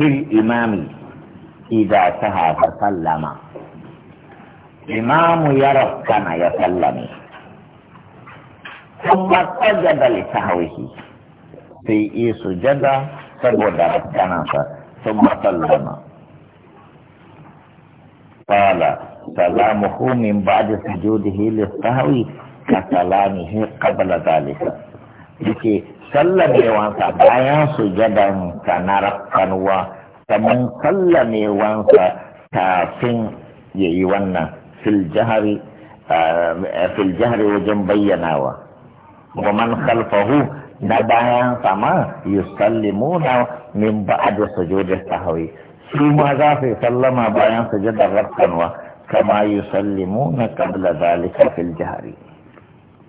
في الإمام إذا سهى فسلم إمام يرى كما يسلم ثم سجد لسهوه في سجد سجد ركعنا ثم سلم قال سلامه من بعد سجوده للسهو كسلامه قبل ذلك لكي sallamewansa bayan sujadan ka na rafkanuwa sannan sallamewansa kafin ya yi wannan fil jihar wajen bayyanawa wa man khalfahu na bayan sama na min ba'da sujudi sahwi su ma za su sallama bayan sujudar rafkanwa kama yusallimuna qabla dhalika fil jihari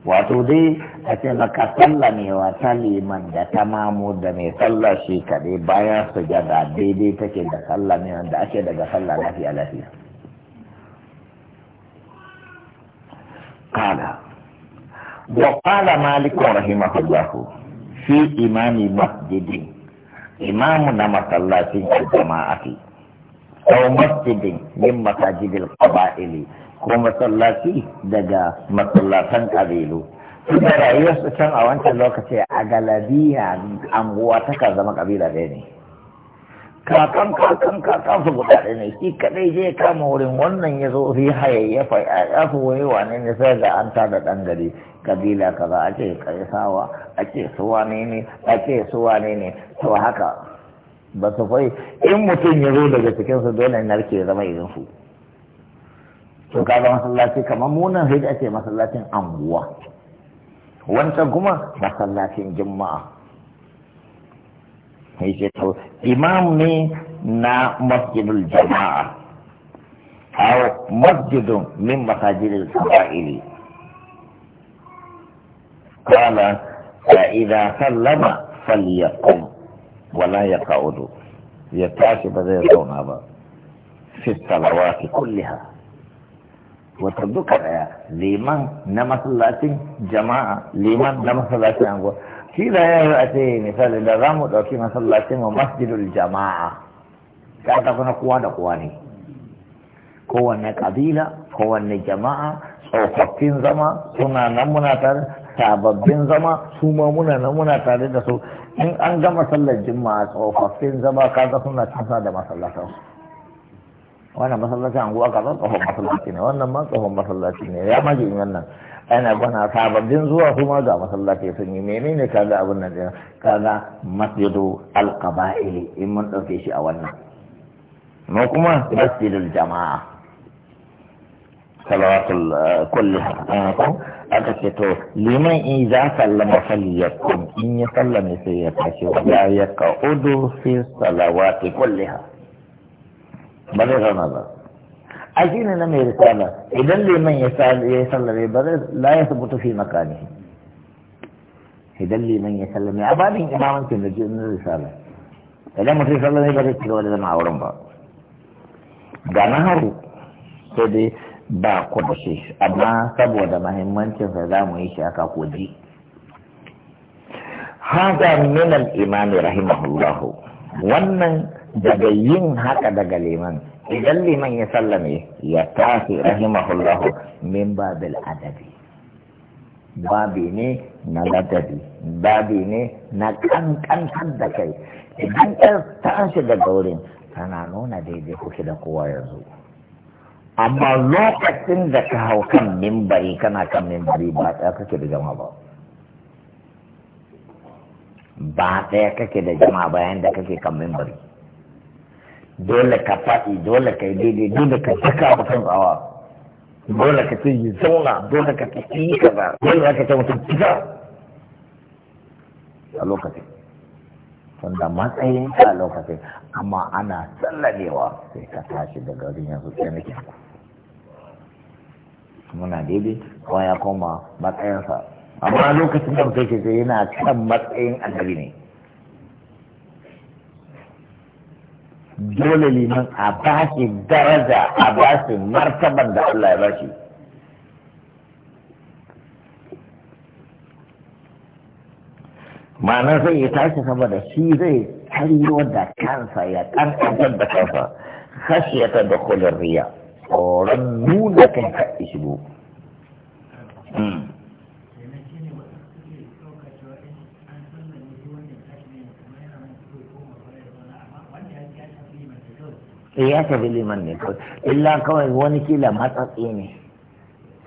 wato dai a ce maka sallamewa ta liman da ta mamu da mai sallah shi kaɗai bayan sujada daidai take da sallamewa da ake daga sallah lafiya lafiya malikin وقال مالك رحمه الله في إمام مسجد إمامنا مسلاتين الجماعة أو مسجد من مساجد القبائل ko masallaci daga masallatan kabilu da rayuwar su can a wancan lokaci a galabiya anguwa ta ka zama kabila ɗaya ne kakan kakan kakan su guda ɗaya ne shi kadai je kama wurin wannan ya zo fi hayayyafa ya fi wani wane ne sai da an tada ɗan gari kabila kaza a ce kaisawa a ce wane ne a ce wane ne to haka ba su fai in mutum ya zo daga cikinsu dole narke zama irin su to kaga masallaci kamar munan sai ake masallacin anguwa wancan kuma masallacin juma'a sai ce to imam ne na masjidul jama'a aw masjidun min masajidil fa idza sallama falyaqum فإذا سلم فليقم ولا يقعد يتعشب zauna ba fi salawati كلها wata duka daya liman na masallacin jama'a liman na masallacin ango shi da ya a ce misali da za mu ɗauki masallacin wa masjidul jama'a ka ta kuna kowa da kowa ne kowanne kabila kowanne jama'a tsofaffin zama suna nan muna tare sababbin zama su ma muna nan muna tare da su in an gama sallar jima'a tsofaffin zama ka ga suna tasa da su wannan masallacin anguwa kaza tsohon masallaci ne wannan ma tsohon masallaci ne ya maji yi wannan ana gwana sababbin zuwa kuma ga masallaci sun yi menene kaga abin nan din kaga masjidu alqaba'ili in mun dauke shi a wannan mu kuma masjidul jama'a salawatul eh, kulli eh, aka ce to liman in za sallama falyakun in ya sallame sai ya tashi wa ya ka'udu fi salawati kulliha ba zai zauna ba a shi ne na mai risala idan liman ya yi sallame ba zai la su sabuta fi makani idan liman ya sallame a babin imamancin da jin na risala idan mutum sallame ba zai cigaba wani zama a wurin ba ga na haru sai dai ba ku da shi amma saboda mahimmancinsa za mu yi shi aka koji هذا من الإمام رحمه الله ومن daga yin haka daga liman idan liman ya sallame ya tafi rahimahullahu min babil adabi babi ne na ladabi babi ne na kankantar da kai idan ta tashi daga wurin tana nuna daidai kuke da kowa yanzu amma lokacin da ka hau kan mimbari kana kan mimbari ba ɗaya kake da jama'a ba ba ɗaya kake da jama'a bayan da kake kan mimbari dole ka faɗi dole ka yi daidai dole ka saka kan awa dole ka ce yi zauna dole ka ce yi ba dole ka ce mutum fita a lokacin wanda matsayin ka a lokacin amma ana tsallalewa sai ka tashi daga wajen yanzu sai nake muna daidai kuma ya koma matsayinsa amma lokacin da mutum ke yana kan matsayin annabi ne dole liman a ba shi daraja a ba shi martaban da Allah ya ba shi ma'ana sai ya tashi saboda shi zai kariyo da kansa ya kankantar da kansa khashiyata da kulin riya tsoron nuna kanka ishibu Eh, ya tafi liman ne kawai illa kawai wani kila matsatsi ne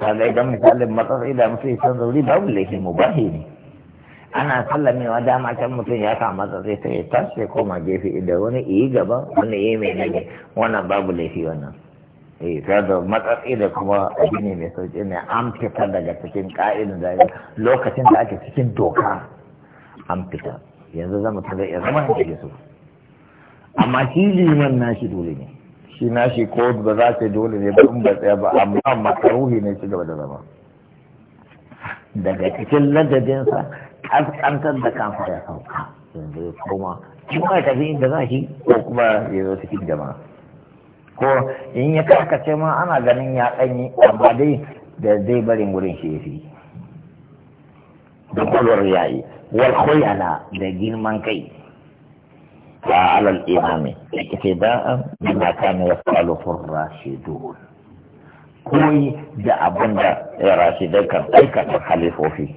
kaga idan misalin matsatsi da mutum ya san zauri babu laifin ba ne ana sallamewa dama can mutum ya sa matsatsi sai yi tashi ya koma gefe idan wani iyi gaba wani iyi mai nage wannan babu laifi wannan eh da matsatsi da kuma abin ne mai sauƙi ne an fita daga cikin ka'idin da lokacin da ake cikin doka an fita yanzu zama ta zai iya zama da so amma shi liman nashi dole ne shi nashi ko ba za ta dole ne ba in ba tsaya ba amma makaruhi ne shi gaba da zama daga cikin ladabinsa kaskantar da kafa ya sauka yanzu ya koma in ta fi inda za shi ko kuma ya zo cikin jama'a ko in ya karkace ma ana ganin ya ɗanyi amma dai da zai barin wurin shi ya fi da kwalwar yayi wal da girman kai على الإمام اقتداء بما كان يفعله الراشدون كوي دا أبن دا راشدين كان أيكا خليفه فيه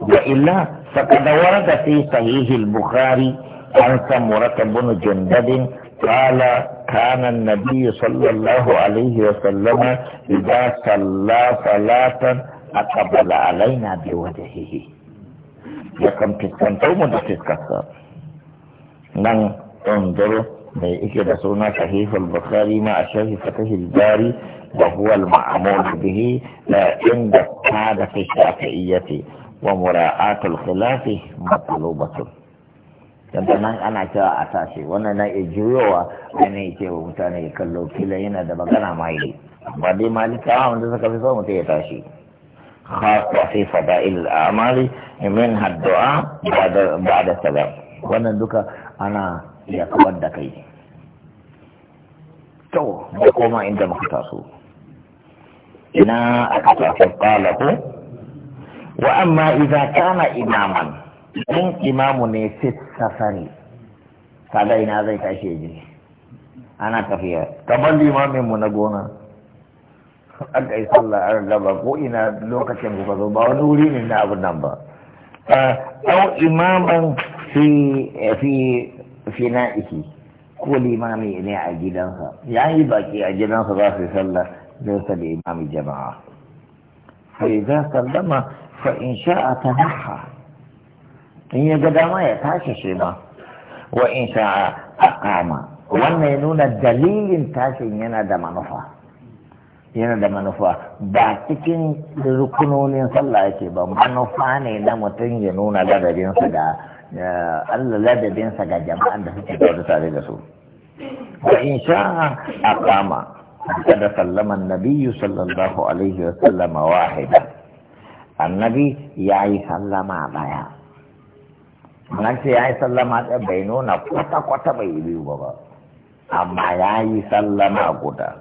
وإلا فقد ورد في صحيح البخاري عن سمرة بن جندب قال كان النبي صلى الله عليه وسلم إذا صلى صلاة أقبل علينا بوجهه يكم تتكن توم تتكسر nan انظروا كده سنة صحيح البخاري مع شرح فتح الباري وهو المعمول به لا عند القاعدة الشافعية ومراعاة الخلاف مطلوبة dan nan ana cewa a tashi wannan na iya juyowa ne ya wa mutane ya kallo kila yana da magana ma yi ba dai malikawa wanda suka fi so mutum ya tashi خاصة في فضائل الأعمال منها الدعاء بعد بعد السلام wannan duka ana iya kawar da kai to da koma inda muka taso ina aka tafi kala ko wa amma idza kana imaman in imamu ne fi safari kaga ina zai tashi ji ana tafiya kamar limamin mu na gona aka yi sallah an gaba ko ina lokacin ku zo ba wani wuri ne na abin nan ba Ɗau ah, imaman fi fi fina'iki ko limami ne a gidansa ya yi baki a gidansa za su sallah zai sa da imami jama'a sai za sallama fa in sha'a ta naha in ga dama ya tashi shi ma wa in sha'a aqama wannan ya nuna dalilin tashin yana da manufa ba cikin rukunonin sallah yake ba manufa ne na mutum ya nuna ladabinsa da Eh, Allah ladabinsa ga jama'an da suke zaune tare da su wa in sha aqama kada sallama nabiyyu sallallahu alaihi wa sallam wahida annabi ya yi sallama baya nan ce yi sallama ɗaya bai nuna kwata kwata bai biyu ba amma ya yi sallama guda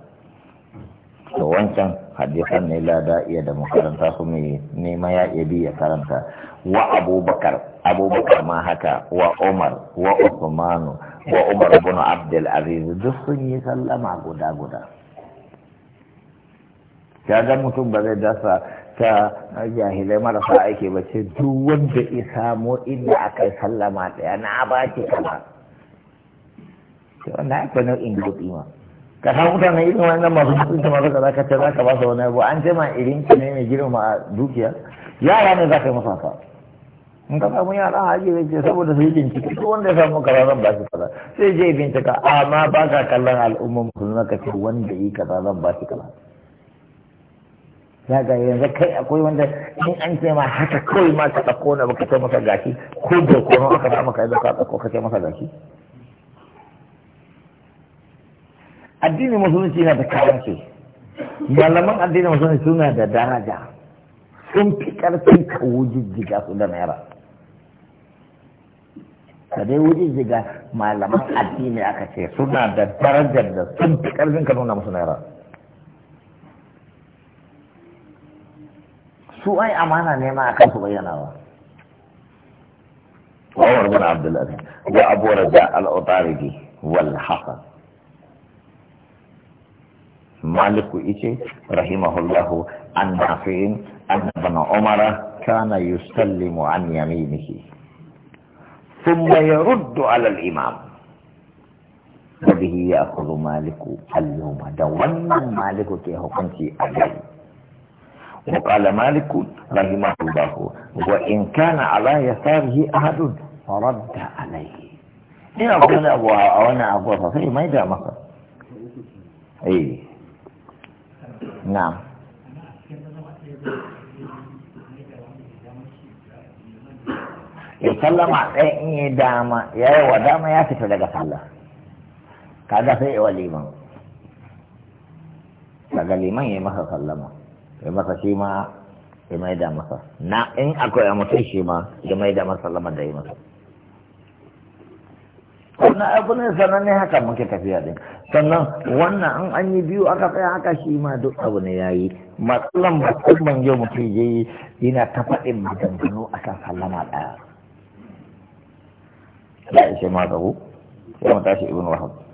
to wancan hadisan ne da iya da makaranta su mai nema ya iya ya karanta wa abubakar abubakar ma haka wa umar wa usmanu wa umar bin abdul aziz duk sun yi sallama guda guda ga mutum ba zai dasa ta jahilai marasa aiki ba ce duk wanda ya samu inda aka yi sallama ɗaya na ba ki nau'in gutsi ma ka san mutane irin wannan masu ta masu ka ce za ka ba su wani abu an ce ma irin ki ne mai girma a dukiya yara ne ka yi masa haka in ka samu yara a ajiye ce saboda su yi bincike duk wanda ya samu kaza zan ba shi kaza sai je bincika amma ba ka kallon al'umma musulma na kace wanda yi kaza zan ba shi kaza ya ga yanzu kai akwai wanda in an ce ma haka kawai ma ka ɗauko na ka ce masa gashi ko da kono aka sa maka da ka ɗauko ka ce masa gashi addinin musulunci yana da kayan su malaman addinin musulunci suna da daraja sun fi karfin ka wujijjiga su da naira ka dai wujijjiga malaman addini aka ce suna da darajar da sun fi karfin ka nuna musu naira su ai amana ne ma akan su bayyanawa Abdullahi, بن عبد العزيز al رجاء wal والحسن مالك إيشي رحمه الله عن حفين أن ابن عمر كان يسلم عن يمينه ثم يرد على الإمام وبه يأخذ مالك اليوم دوما مالك تيهقن في أبيه وقال مالك رحمه الله وإن كان على يساره أحد فرد عليه إن ربنا أبوها أو أنا ابو فيه ما يدعى مصر إيه na'am ya sallama ɗaya eh, in yi dama ya yi wa dama ya fita daga sallah kaga sai yi wa liman daga liman ya yi masa sallama ya masa shi ma ya mai da masa na in akwai a mutum shi ma ya mai da masa sallama da yi masa wannan abu ne haka muke tafiya din sannan wannan an an yi biyu aka tsaya haka shi ma duk abu ne ya yi matsalan musamman yau mutum ya yi yana ta faɗin maganganu a kan sallama ɗaya ya ishe ma gabu sai mata shi ibn wahab